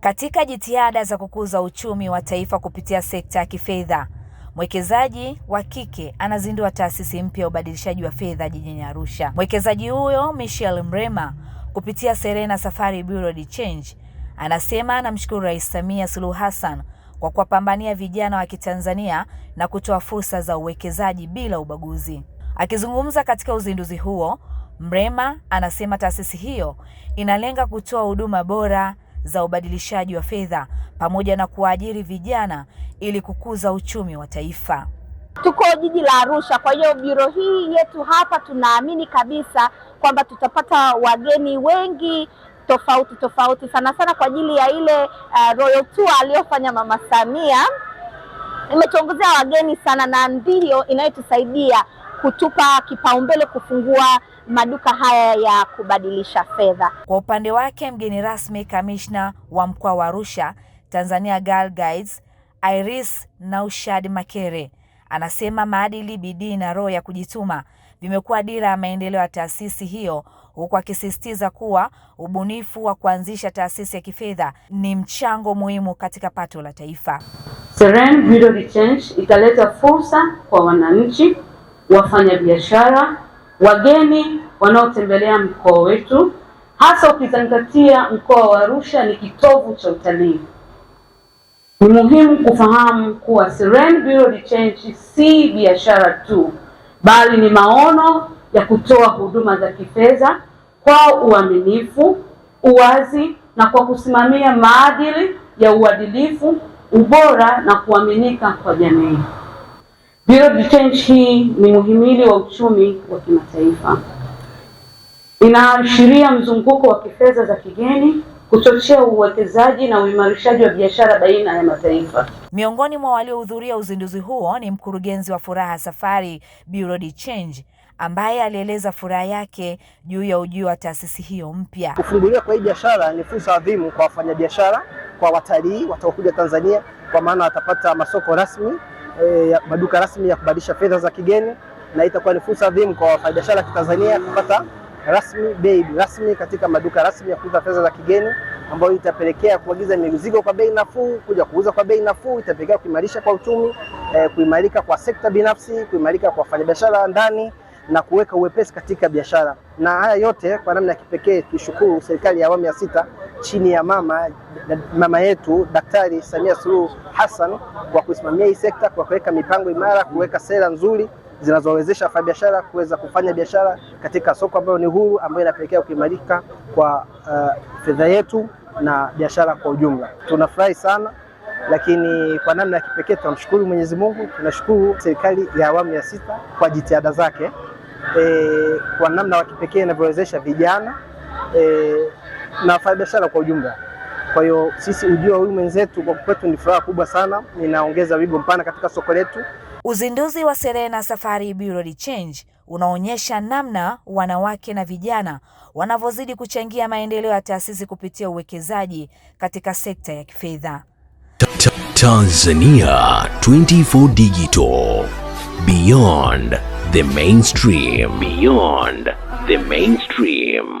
Katika jitihada za kukuza uchumi wa taifa kupitia sekta ya kifedha, mwekezaji wa kike anazindua taasisi mpya ya ubadilishaji wa fedha jijini Arusha. Mwekezaji huyo Michelle Mrema kupitia Serena Safari Bureau de Change anasema anamshukuru Rais Samia Suluhu Hassan kwa kuwapambania vijana wa Kitanzania na kutoa fursa za uwekezaji bila ubaguzi. Akizungumza katika uzinduzi huo, Mrema anasema taasisi hiyo inalenga kutoa huduma bora za ubadilishaji wa fedha pamoja na kuwaajiri vijana ili kukuza uchumi wa taifa. Tuko jiji la Arusha, kwa hiyo biro hii yetu hapa tunaamini kabisa kwamba tutapata wageni wengi tofauti tofauti, sana sana kwa ajili ya ile uh, royal tour aliyofanya Mama Samia imetuongezea wageni sana, na ndiyo inayotusaidia kutupa kipaumbele kufungua maduka haya ya kubadilisha fedha. Kwa upande wake, mgeni rasmi kamishna wa mkoa wa Arusha, Tanzania Girl Guides, Iris Naushad Makere anasema maadili, bidii na roho ya kujituma vimekuwa dira ya maendeleo ya taasisi hiyo, huku akisisitiza kuwa ubunifu wa kuanzisha taasisi ya kifedha ni mchango muhimu katika pato la taifa. Seren Bureau Change italeta fursa kwa wananchi, wafanyabiashara, wageni wanaotembelea mkoa wetu, hasa ukizingatia mkoa wa Arusha ni kitovu cha utalii. Ni muhimu kufahamu kuwa Seren Bureau de Change si biashara tu, bali ni maono ya kutoa huduma za kifedha kwa uaminifu, uwazi na kwa kusimamia maadili ya uadilifu, ubora na kuaminika kwa jamii. Bureau de Change hii ni muhimili wa uchumi wa kimataifa. Inaashiria mzunguko wa kifedha za kigeni, kuchochea uwekezaji na uimarishaji wa biashara baina ya mataifa. Miongoni mwa waliohudhuria uzinduzi huo ni mkurugenzi wa Furaha Safari Bureau de Change ambaye alieleza furaha yake juu ya ujio wa taasisi hiyo mpya. Kufunguliwa kwa hii biashara ni fursa adhimu kwa wafanyabiashara, kwa watalii wataokuja Tanzania, kwa maana watapata masoko rasmi e, maduka rasmi ya kubadilisha fedha za kigeni, na itakuwa ni fursa adhimu kwa wafanyabiashara wa Kitanzania kupata rasmi, bei rasmi katika maduka rasmi ya kuuza fedha za kigeni, ambayo itapelekea kuagiza mizigo kwa bei nafuu, kuja kuuza kwa bei nafuu, itapelekea kuimarisha kwa uchumi eh, kuimarika kwa sekta binafsi, kuimarika kwa wafanyabiashara ndani na kuweka uwepesi katika biashara. Na haya yote kwa namna ya kipekee tushukuru serikali ya awamu ya sita chini ya mama mama yetu Daktari Samia Suluhu Hassan kwa kusimamia hii sekta, kwa kuweka mipango imara, kuweka sera nzuri zinazowezesha wafanyabiashara kuweza kufanya biashara katika soko ambayo ni huru, ambayo inapelekea kuimarika kwa uh, fedha yetu na biashara kwa ujumla. Tunafurahi sana lakini kwa namna ya kipekee tunamshukuru Mwenyezi Mungu, tunashukuru serikali ya awamu ya sita kwa jitihada zake e, kwa namna ya kipekee inavyowezesha vijana e, na wafanyabiashara kwa ujumla. Kwa hiyo sisi ujio wa huyu mwenzetu kwa kwetu ni furaha kubwa sana, inaongeza wigo mpana katika soko letu. Uzinduzi wa Serena Safari Bureau Change unaonyesha namna wanawake na vijana wanavyozidi kuchangia maendeleo ya taasisi kupitia uwekezaji katika sekta ya kifedha. Tanzania 24 Digital Beyond the mainstream. Beyond the mainstream.